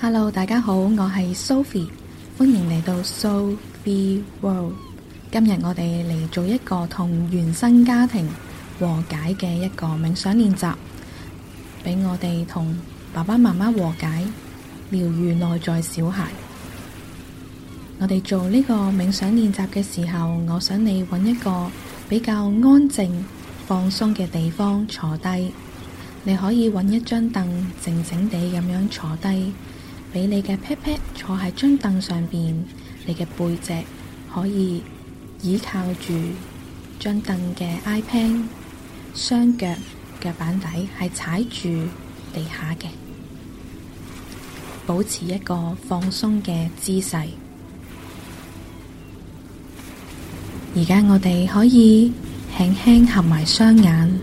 Hello，大家好，我係 Sophy，歡迎嚟到 Soul Free World。今日我哋嚟做一個同原生家庭和解嘅一個冥想練習，俾我哋同爸爸媽媽和解，療癒內在小孩。我哋做呢個冥想練習嘅時候，我想你揾一個比較安靜、放鬆嘅地方坐低。你可以揾一張凳，靜靜地咁樣坐低。畀你嘅 pat pat 坐喺張凳上邊，你嘅背脊可以倚靠住張凳嘅 iPad，雙腳腳板底係踩住地下嘅，保持一個放鬆嘅姿勢。而家我哋可以輕輕合埋雙眼，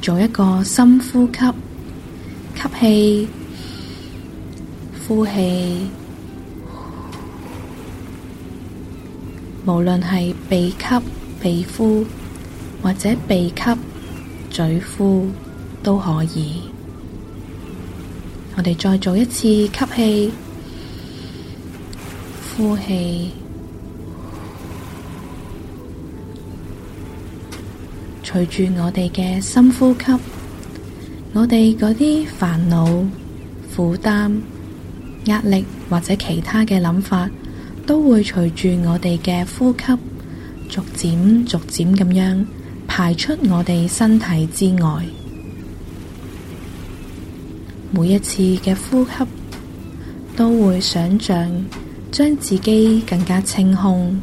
做一個深呼吸，吸氣呼氣，無論係鼻吸、鼻呼，或者鼻吸、嘴呼都可以。我哋再做一次吸氣、呼氣，隨住我哋嘅深呼吸，我哋嗰啲煩惱、負擔。壓力或者其他嘅諗法，都會隨住我哋嘅呼吸，逐漸逐漸咁樣排出我哋身體之外。每一次嘅呼吸，都會想象將自己更加清空，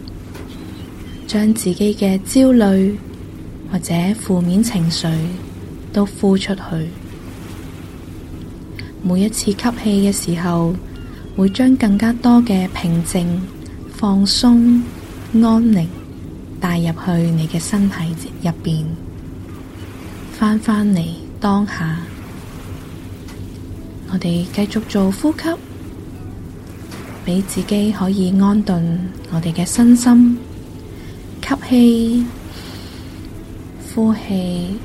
將自己嘅焦慮或者負面情緒都呼出去。每一次吸氣嘅時候，會將更加多嘅平靜、放鬆、安寧帶入去你嘅身體入邊。翻返嚟當下，我哋繼續做呼吸，俾自己可以安頓我哋嘅身心。吸氣，呼氣。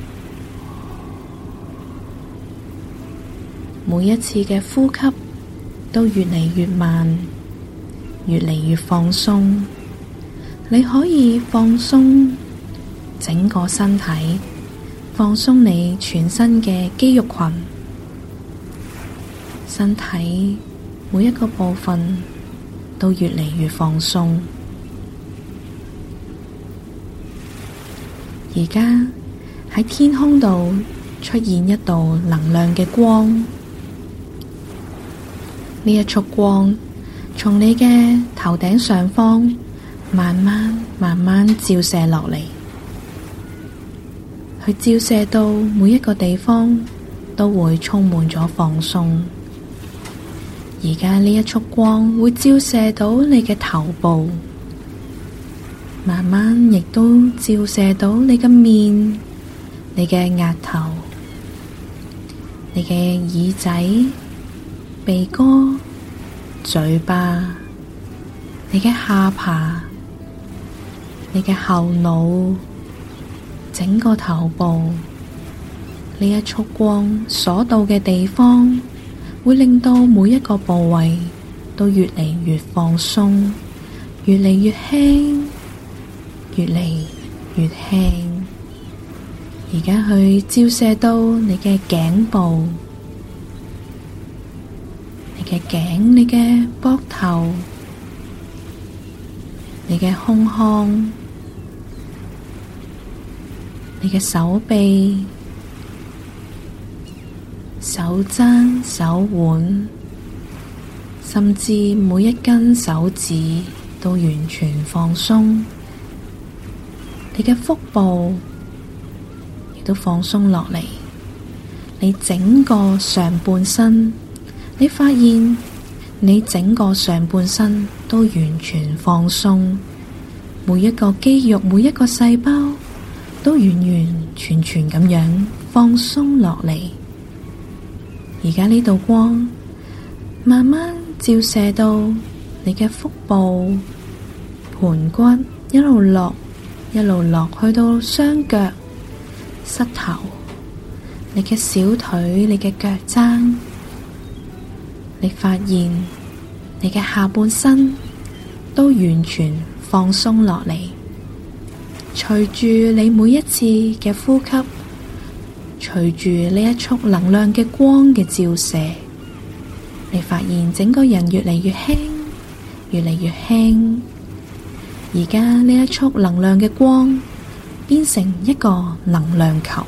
每一次嘅呼吸都越嚟越慢，越嚟越放鬆。你可以放鬆整個身體，放鬆你全身嘅肌肉群，身體每一個部分都越嚟越放鬆。而家喺天空度出現一道能量嘅光。呢一束光從你嘅頭頂上方慢慢慢慢照射落嚟，佢照射到每一個地方都會充滿咗放鬆。而家呢一束光會照射到你嘅頭部，慢慢亦都照射到你嘅面，你嘅額頭、你嘅耳仔。鼻哥、嘴巴、你嘅下巴、你嘅後腦、整個頭部，呢一束光所到嘅地方，會令到每一個部位都越嚟越放鬆，越嚟越輕，越嚟越輕。而家去照射到你嘅頸部。你嘅頸，你嘅膊頭，你嘅胸腔，你嘅手臂、手踭、手腕，甚至每一根手指都完全放鬆。你嘅腹部亦都放鬆落嚟，你整個上半身。你發現你整個上半身都完全放鬆，每一個肌肉、每一個細胞都完完全全咁樣放鬆落嚟。而家呢道光慢慢照射到你嘅腹部、盆骨一，一路落一路落去到雙腳、膝頭、你嘅小腿、你嘅腳踭。你發現你嘅下半身都完全放鬆落嚟，隨住你每一次嘅呼吸，隨住呢一束能量嘅光嘅照射，你發現整個人越嚟越輕，越嚟越輕。而家呢一束能量嘅光變成一個能量球。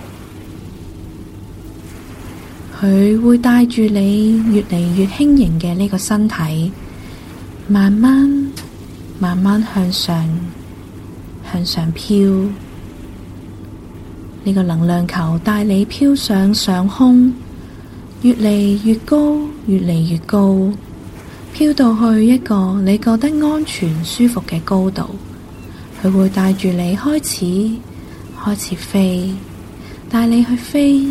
佢會帶住你越嚟越輕盈嘅呢個身體，慢慢慢慢向上向上飄。呢個能量球帶你飄上上空，越嚟越高，越嚟越高，飄到去一個你覺得安全舒服嘅高度。佢會帶住你開始開始飛，帶你去飛。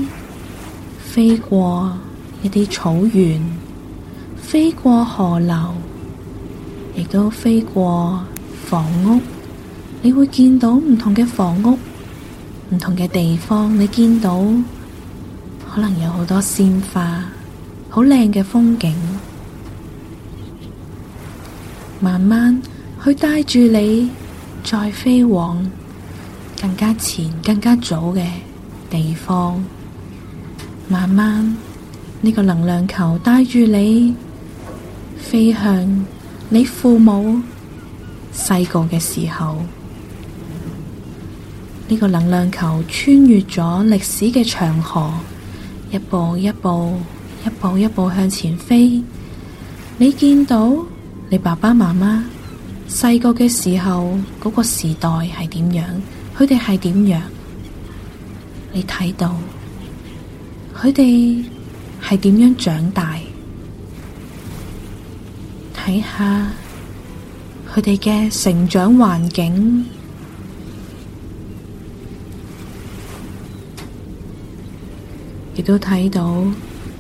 飛過一啲草原，飛過河流，亦都飛過房屋。你會見到唔同嘅房屋，唔同嘅地方。你見到可能有好多鮮花，好靚嘅風景。慢慢去帶住你，再飛往更加前，更加早嘅地方。慢慢呢個能量球帶住你飛向你父母細個嘅時候，呢個能量球穿越咗歷史嘅長河，一步一步一步一步向前飛。你見到你爸爸媽媽細個嘅時候嗰個時代係點樣？佢哋係點樣？你睇到？佢哋係點樣長大？睇下佢哋嘅成長環境，亦都睇到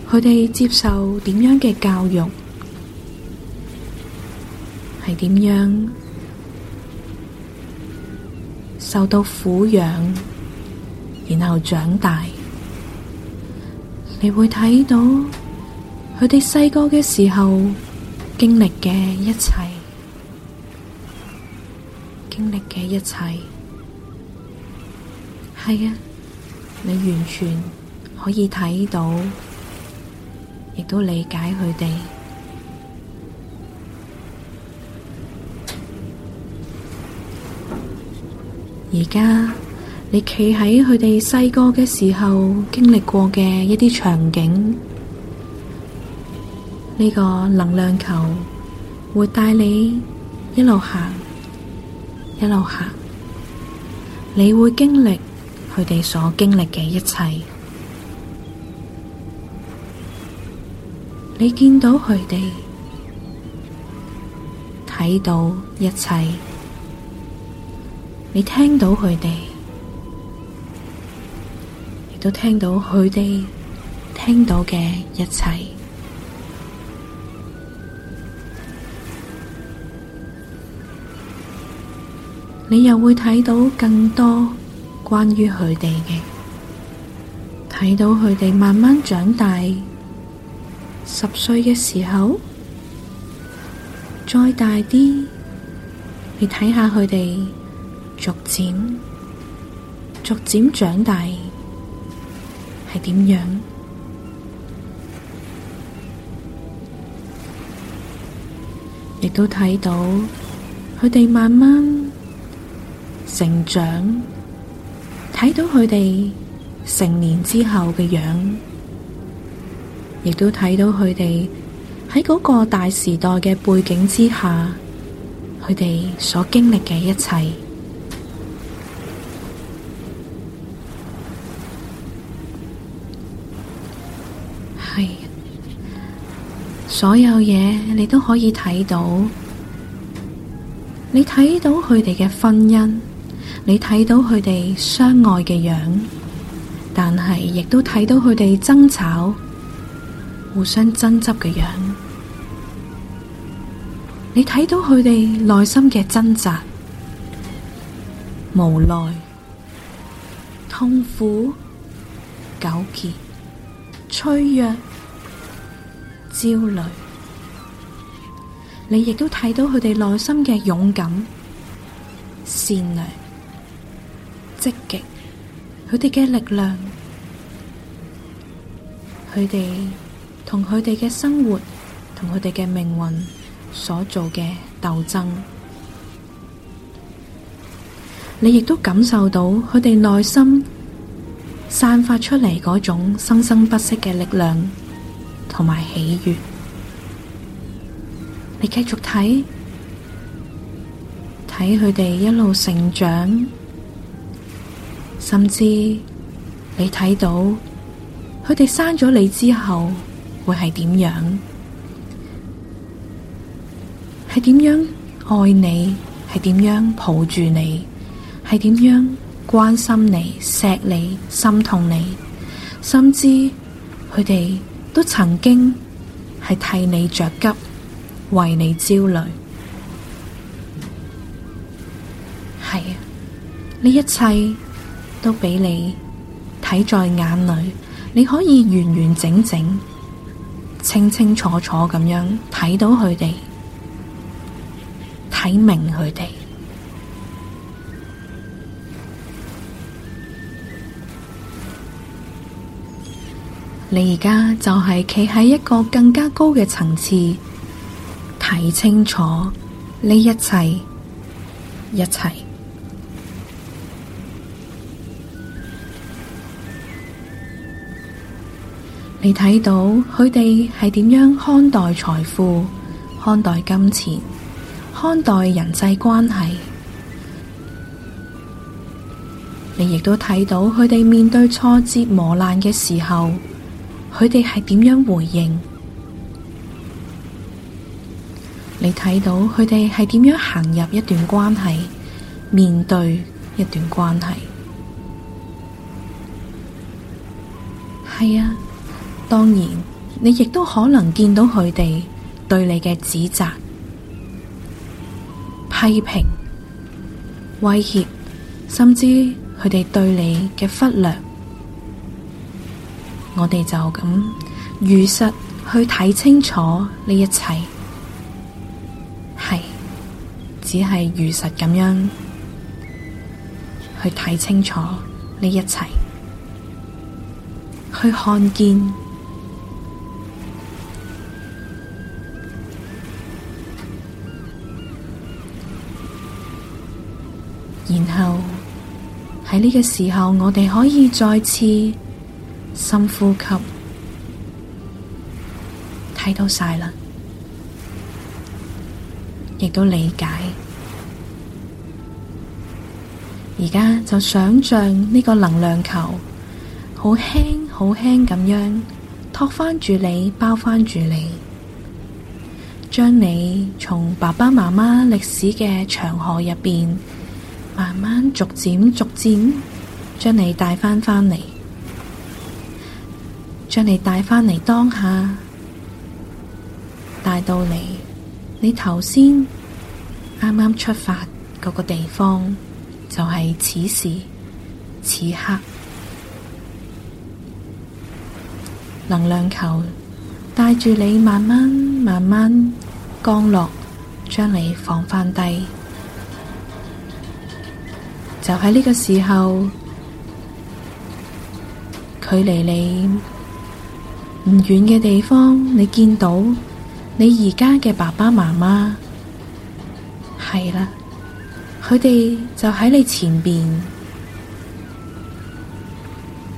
佢哋接受點樣嘅教育，係點樣受到撫養，然後長大。你會睇到佢哋細個嘅時候經歷嘅一切，經歷嘅一切，係啊，你完全可以睇到，亦都理解佢哋。而家。你企喺佢哋細個嘅時候經歷過嘅一啲場景，呢個能量球會帶你一路行一路行，你會經歷佢哋所經歷嘅一切，你見到佢哋，睇到一切，你聽到佢哋。都聽到佢哋聽到嘅一切，你又會睇到更多關於佢哋嘅，睇到佢哋慢慢長大，十歲嘅時候，再大啲，你睇下佢哋逐漸逐漸長大。係點樣？亦都睇到佢哋慢慢成長，睇到佢哋成年之後嘅樣，亦都睇到佢哋喺嗰個大時代嘅背景之下，佢哋所經歷嘅一切。所有嘢你都可以睇到，你睇到佢哋嘅婚姻，你睇到佢哋相愛嘅樣，但係亦都睇到佢哋爭吵、互相爭執嘅樣。你睇到佢哋內心嘅掙扎、無奈、痛苦、糾結、脆弱、焦慮，你亦都睇到佢哋內心嘅勇敢、善良、積極，佢哋嘅力量，佢哋同佢哋嘅生活同佢哋嘅命運所做嘅鬥爭，你亦都感受到佢哋內心散發出嚟嗰種生生不息嘅力量。同埋喜悅，你繼續睇睇佢哋一路成長，甚至你睇到佢哋生咗你之後會係點樣？係點樣愛你？係點樣抱住你？係點樣關心你、錫你、心痛你？甚至佢哋。都曾經係替你着急，為你焦慮，係啊！呢一切都俾你睇在眼裏，你可以完完整整、清清楚楚咁樣睇到佢哋，睇明佢哋。你而家就係企喺一個更加高嘅層次，睇清楚呢一切，一切。你睇到佢哋係點樣看待財富、看待金錢、看待人際關係。你亦都睇到佢哋面對挫折磨難嘅時候。佢哋係點樣回應？你睇到佢哋係點樣行入一段關係，面對一段關係。係啊，當然，你亦都可能見到佢哋對你嘅指責、批評、威脅，甚至佢哋對你嘅忽略。我哋就咁如實去睇清楚呢一切，係，只係如實咁樣去睇清楚呢一切，去看見，然後喺呢個時候，我哋可以再次。深呼吸，睇到晒啦，亦都理解。而家就想象呢個能量球，好輕好輕咁樣托返住你，包返住你，將你從爸爸媽媽歷史嘅長河入邊，慢慢逐漸逐漸將你帶返返嚟。將你帶返嚟，當下，帶到嚟你頭先啱啱出發嗰個地方，就係此時此刻，能量球帶住你慢慢慢慢降落，將你放返低，就喺呢個時候，距離你唔遠嘅地方，你見到你而家嘅爸爸媽媽，係啦，佢哋就喺你前面，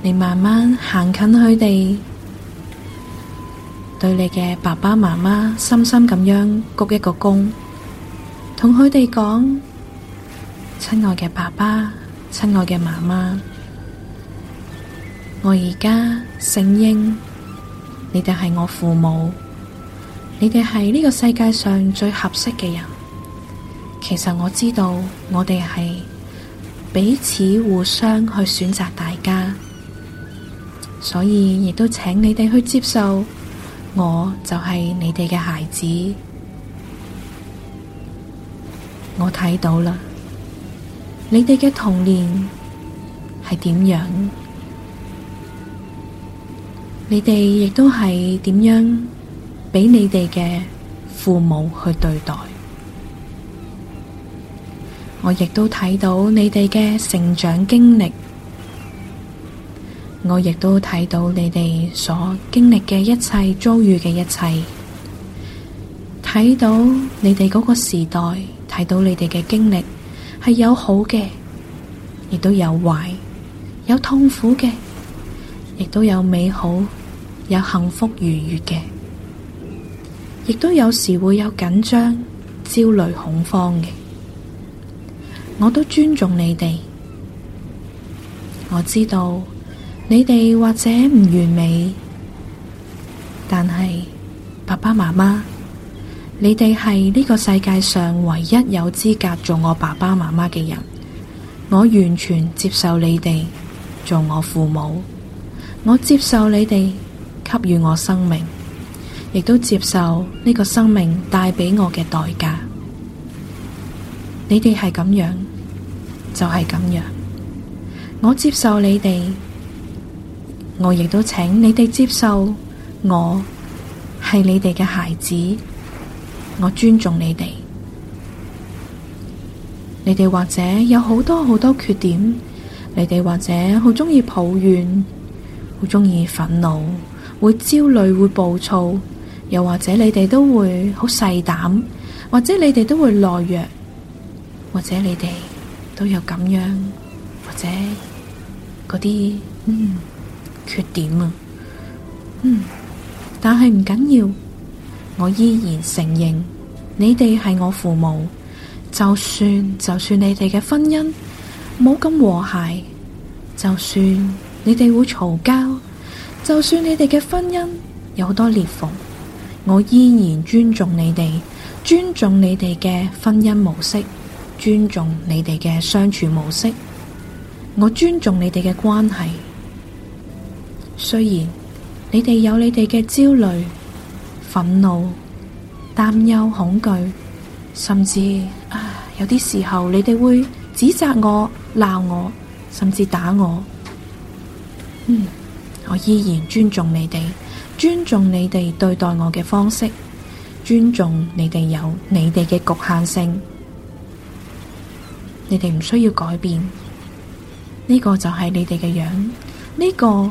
你慢慢行近佢哋，對你嘅爸爸媽媽深深咁樣鞠一個躬，同佢哋講：親愛嘅爸爸，親愛嘅媽媽，我而家姓英。你哋係我父母，你哋係呢個世界上最合適嘅人。其實我知道，我哋係彼此互相去選擇大家，所以亦都請你哋去接受，我就係你哋嘅孩子。我睇到啦，你哋嘅童年係點樣？你哋亦都係點樣俾你哋嘅父母去對待？我亦都睇到你哋嘅成長經歷，我亦都睇到你哋所經歷嘅一切，遭遇嘅一切，睇到你哋嗰個時代，睇到你哋嘅經歷係有好嘅，亦都有壞，有痛苦嘅。亦都有美好、有幸福愉悅嘅，亦都有時會有緊張、焦慮、恐慌嘅。我都尊重你哋。我知道你哋或者唔完美，但係爸爸媽媽，你哋係呢個世界上唯一有資格做我爸爸媽媽嘅人。我完全接受你哋做我父母。我接受你哋給予我生命，亦都接受呢個生命帶畀我嘅代價。你哋係咁樣，就係咁樣。我接受你哋，我亦都請你哋接受我係你哋嘅孩子。我尊重你哋，你哋或者有好多好多缺點，你哋或者好鍾意抱怨。好中意憤怒，會焦慮，會暴躁，又或者你哋都會好細膽，或者你哋都會懦弱，或者你哋都有咁樣，或者嗰啲嗯缺點啊，嗯，但係唔緊要緊，我依然承認你哋係我父母，就算就算你哋嘅婚姻冇咁和諧，就算。你哋會嘈交，就算你哋嘅婚姻有好多裂縫，我依然尊重你哋，尊重你哋嘅婚姻模式，尊重你哋嘅相處模式。我尊重你哋嘅關係，雖然你哋有你哋嘅焦慮、憤怒、擔憂、恐懼，甚至，啊，有啲時候你哋會指責我、鬧我，甚至打我。嗯，我依然尊重你哋，尊重你哋對待我嘅方式，尊重你哋有你哋嘅局限性，你哋唔需要改變。呢個就係你哋嘅樣，呢個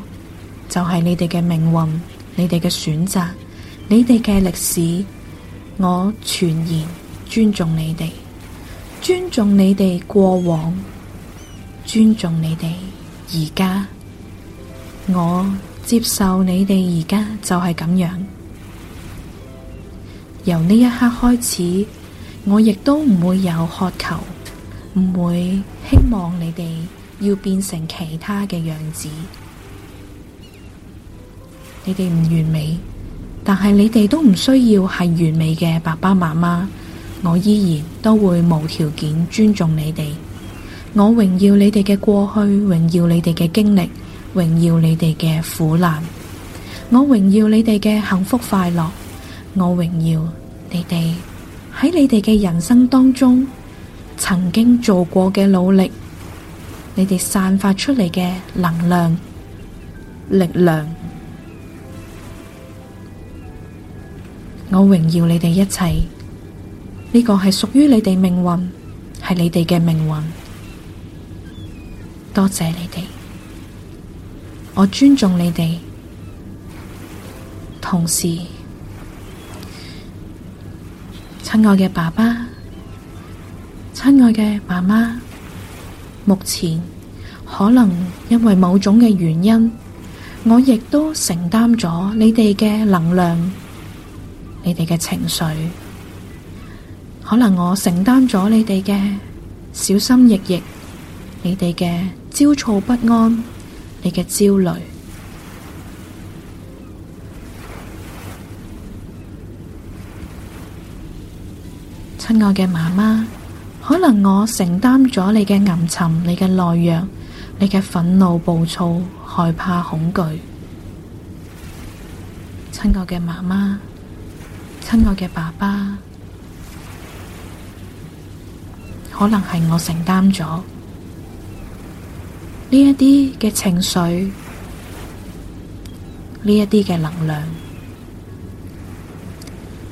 就係你哋嘅命運，你哋嘅選擇，你哋嘅歷史。我全然尊重你哋，尊重你哋過往，尊重你哋而家。我接受你哋而家就係咁樣，由呢一刻開始，我亦都唔會有渴求，唔會希望你哋要變成其他嘅樣子。你哋唔完美，但係你哋都唔需要係完美嘅爸爸媽媽。我依然都會無條件尊重你哋，我榮耀你哋嘅過去，榮耀你哋嘅經歷。榮耀你哋嘅苦難，我榮耀你哋嘅幸福快樂，我榮耀你哋喺你哋嘅人生當中曾經做過嘅努力，你哋散發出嚟嘅能量、力量，我榮耀你哋一切。呢個係屬於你哋命運，係你哋嘅命運。多謝你哋。我尊重你哋，同時，親愛嘅爸爸、親愛嘅媽媽，目前可能因為某種嘅原因，我亦都承擔咗你哋嘅能量，你哋嘅情緒，可能我承擔咗你哋嘅小心翼翼，你哋嘅焦躁不安。你嘅焦慮，親愛嘅媽媽，可能我承擔咗你嘅陰沉，你嘅懦弱，你嘅憤怒、暴躁、害怕、恐懼。親愛嘅媽媽，親愛嘅爸爸，可能係我承擔咗。呢一啲嘅情緒，呢一啲嘅能量，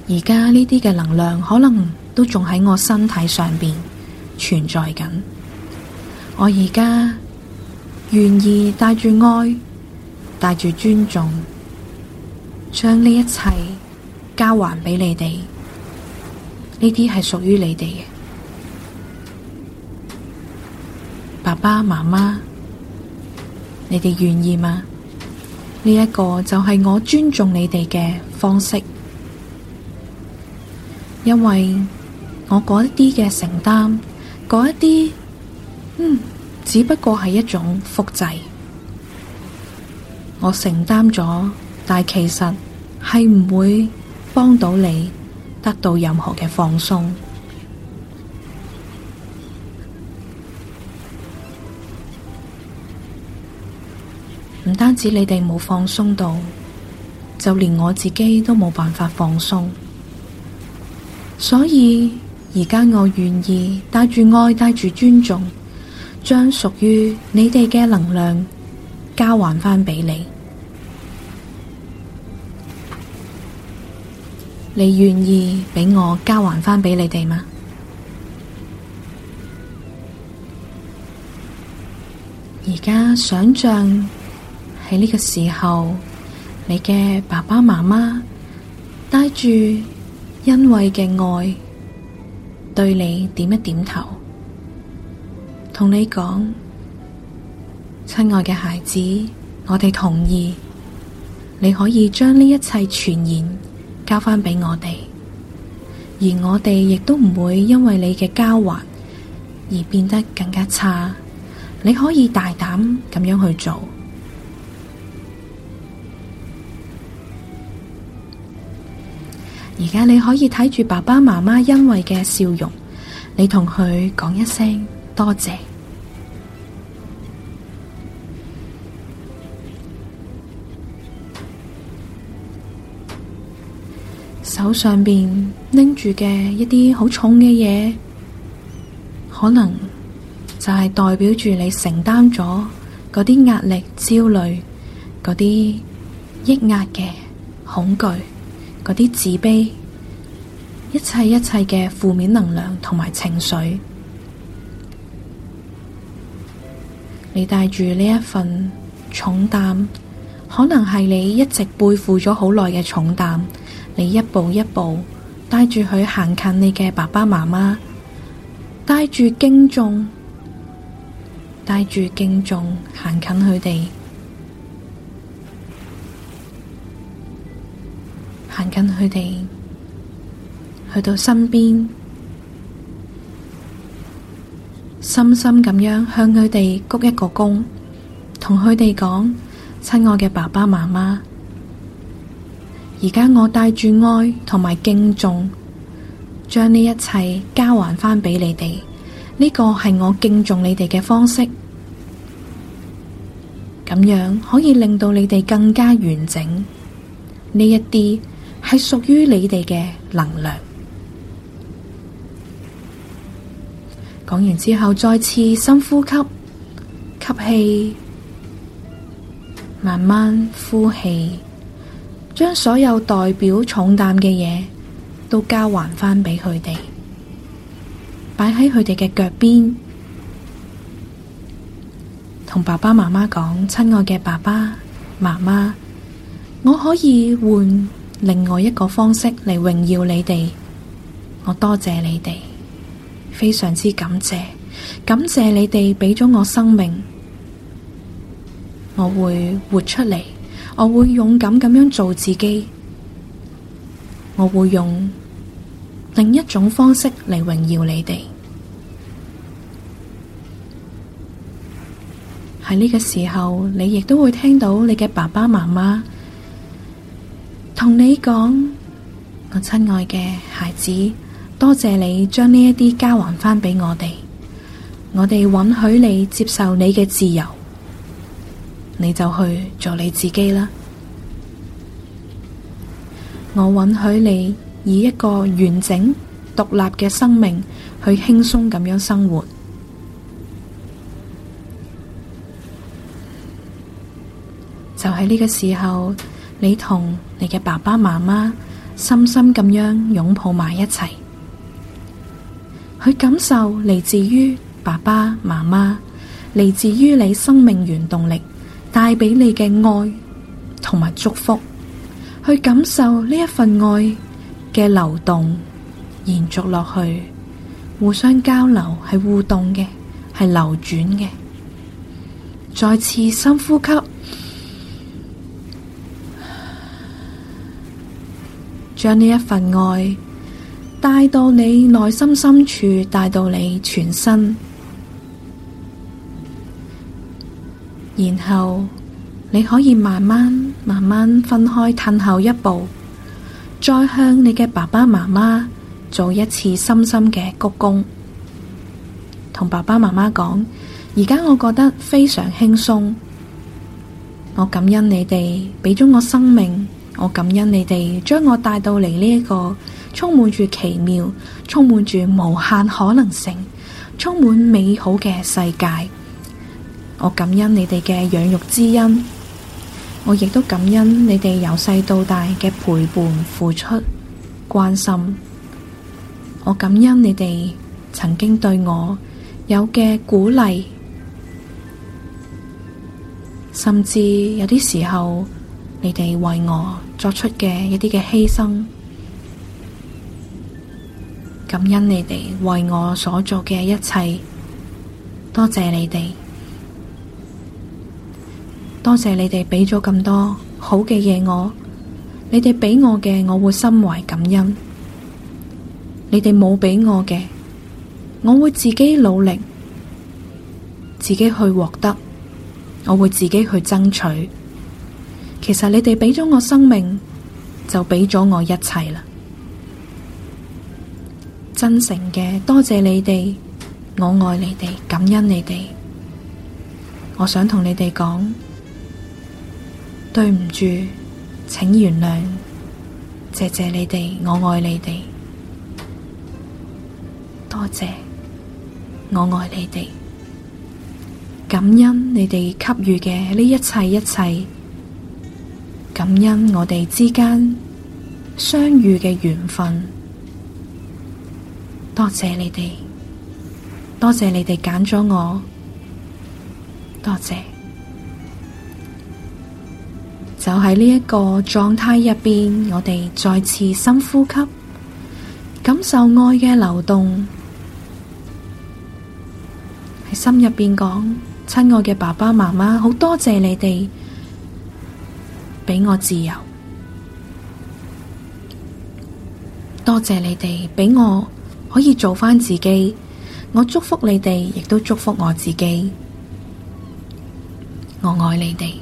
而家呢啲嘅能量可能都仲喺我身體上面存在緊。我而家願意帶住愛，帶住尊重，將呢一切交還俾你哋。呢啲係屬於你哋嘅，爸爸媽媽。你哋願意嗎？呢、這、一個就係我尊重你哋嘅方式，因為我嗰一啲嘅承擔，嗰一啲，嗯，只不過係一種複製，我承擔咗，但其實係唔會幫到你得到任何嘅放鬆。唔單止你哋冇放鬆到，就連我自己都冇辦法放鬆。所以而家我願意帶住愛、帶住尊重，將屬於你哋嘅能量交還翻俾你。你願意俾我交還翻俾你哋嗎？而家想象。喺呢個時候，你嘅爸爸媽媽帶住欣慰嘅愛對你點一點頭，同你講：親愛嘅孩子，我哋同意你可以將呢一切全然交翻俾我哋，而我哋亦都唔會因為你嘅交還而變得更加差。你可以大膽咁樣去做。而家，你可以睇住爸爸媽媽欣慰嘅笑容，你同佢講一聲多謝。手上邊拎住嘅一啲好重嘅嘢，可能就係代表住你承擔咗嗰啲壓力、焦慮、嗰啲抑壓嘅恐懼，嗰啲自卑，一切一切嘅負面能量同埋情緒，你帶住呢一份重擔，可能係你一直背負咗好耐嘅重擔，你一步一步帶住佢行近你嘅爸爸媽媽，帶住敬重，帶住敬重行近佢哋。行緊佢哋，去到身邊，深深咁樣向佢哋鞠一個躬，同佢哋講：親愛嘅爸爸媽媽，而家我帶住愛同埋敬重，將呢一切交還返畀你哋。呢個係我敬重你哋嘅方式，咁樣可以令到你哋更加完整。呢一啲。係屬於你哋嘅能量。講完之後，再次深呼吸，吸氣，慢慢呼氣，將所有代表重擔嘅嘢都交還返畀佢哋，擺喺佢哋嘅腳邊，同爸爸媽媽講：親愛嘅爸爸媽媽，我可以換。另外一個方式嚟榮耀你哋，我多謝你哋，非常之感謝，感謝你哋俾咗我生命，我會活出嚟，我會勇敢咁樣做自己，我會用另一種方式嚟榮耀你哋。喺呢個時候，你亦都會聽到你嘅爸爸媽媽。同你講，我親愛嘅孩子，多謝你將呢一啲交還返俾我哋，我哋允許你接受你嘅自由，你就去做你自己啦。我允許你以一個完整、獨立嘅生命去輕鬆咁樣生活。就喺呢個時候。你同你嘅爸爸媽媽深深咁樣擁抱埋一齊，去感受嚟自於爸爸媽媽，嚟自於你生命源動力帶俾你嘅愛同埋祝福，去感受呢一份愛嘅流動延續落去，互相交流係互動嘅，係流轉嘅。再次深呼吸。將呢一份愛帶到你內心深處，帶到你全身，然後你可以慢慢、慢慢分開，退後一步，再向你嘅爸爸媽媽做一次深深嘅鞠躬，同爸爸媽媽講：而家我覺得非常輕鬆，我感恩你哋畀咗我生命。我感恩你哋將我帶到嚟呢一個充滿住奇妙、充滿住無限可能性、充滿美好嘅世界。我感恩你哋嘅養育之恩，我亦都感恩你哋由細到大嘅陪伴、付出、關心。我感恩你哋曾經對我有嘅鼓勵，甚至有啲時候。你哋為我作出嘅一啲嘅犧牲，感恩你哋為我所做嘅一切，多謝你哋，多謝你哋畀咗咁多好嘅嘢我，你哋畀我嘅我會心懷感恩，你哋冇俾我嘅，我會自己努力，自己去獲得，我會自己去爭取。其實你哋畀咗我生命，就畀咗我一切啦。真誠嘅多謝你哋，我愛你哋，感恩你哋。我想同你哋講，對唔住，請原諒。謝謝你哋，我愛你哋，多謝，我愛你哋，感恩你哋給予嘅呢一切一切。感恩我哋之間相遇嘅緣分，多謝你哋，多謝你哋揀咗我，多謝。就喺呢一個狀態入邊，我哋再次深呼吸，感受愛嘅流動，喺心入邊講，親愛嘅爸爸媽媽，好多謝你哋。俾我自由，多謝你哋畀我可以做返自己。我祝福你哋，亦都祝福我自己。我愛你哋。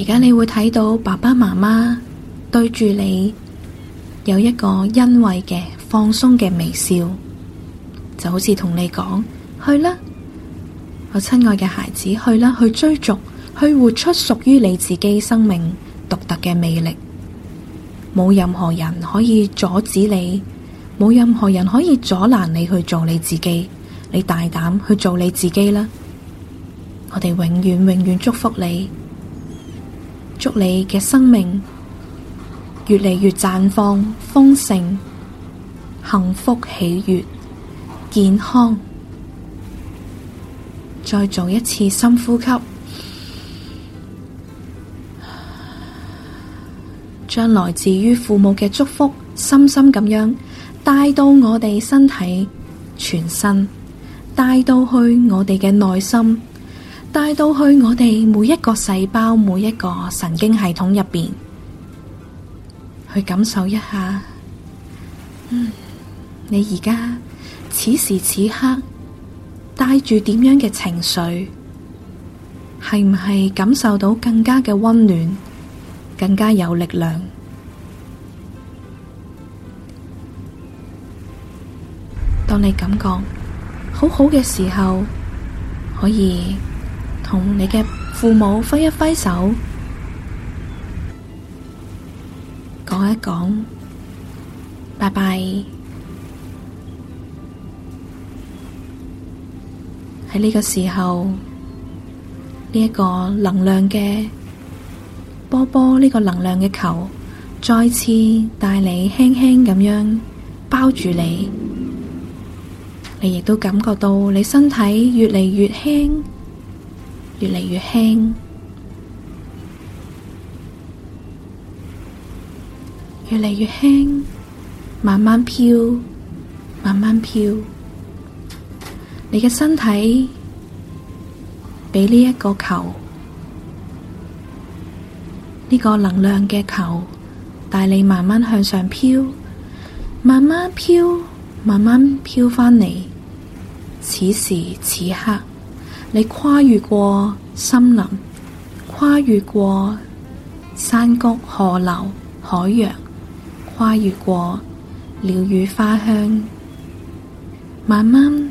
而家你會睇到爸爸媽媽對住你有一個欣慰嘅放鬆嘅微笑，就好似同你講：去啦，我親愛嘅孩子，去啦去追逐。去活出屬於你自己生命獨特嘅魅力，冇任何人可以阻止你，冇任何人可以阻攔你去做你自己。你大膽去做你自己啦！我哋永遠永遠祝福你，祝你嘅生命越嚟越綻放、豐盛、幸福、喜悅、健康。再做一次深呼吸。將來自於父母嘅祝福，深深咁樣帶到我哋身體全身，帶到去我哋嘅內心，帶到去我哋每一個細胞、每一個神經系統入邊，去感受一下。嗯，你而家此時此刻帶住點樣嘅情緒，係唔係感受到更加嘅溫暖？更加有力量。當你感覺好好嘅時候，可以同你嘅父母揮一揮手，講一講拜拜。喺呢個時候，呢一個能量嘅波波呢個能量嘅球，再次帶你輕輕咁樣包住你，你亦都感覺到你身體越嚟越輕，越嚟越輕，越嚟越輕，慢慢飄，慢慢飄，你嘅身體俾呢一個球。呢個能量嘅球帶你慢慢向上飄，慢慢飄，慢慢飄返嚟。此時此刻，你跨越過森林，跨越過山谷、河流、海洋，跨越過鳥語花香，慢慢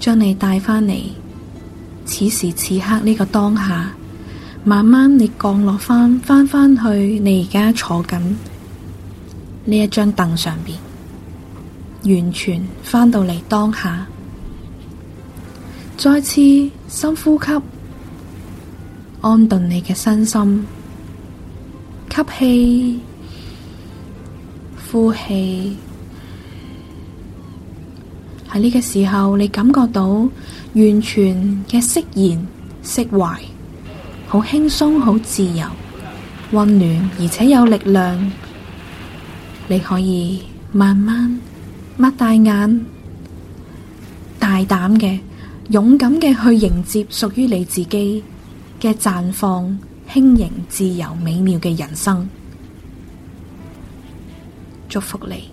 將你帶返嚟。此時此刻，呢個當下。慢慢你降落翻翻返去你而家坐緊呢一張凳上邊，完全翻到嚟當下，再次深呼吸，安頓你嘅身心，吸氣，呼氣。喺呢個時候，你感覺到完全嘅釋然釋懷。好輕鬆、好自由、溫暖，而且有力量。你可以慢慢擘大眼，大膽嘅、勇敢嘅去迎接屬於你自己嘅綻放、輕盈、自由、美妙嘅人生。祝福你。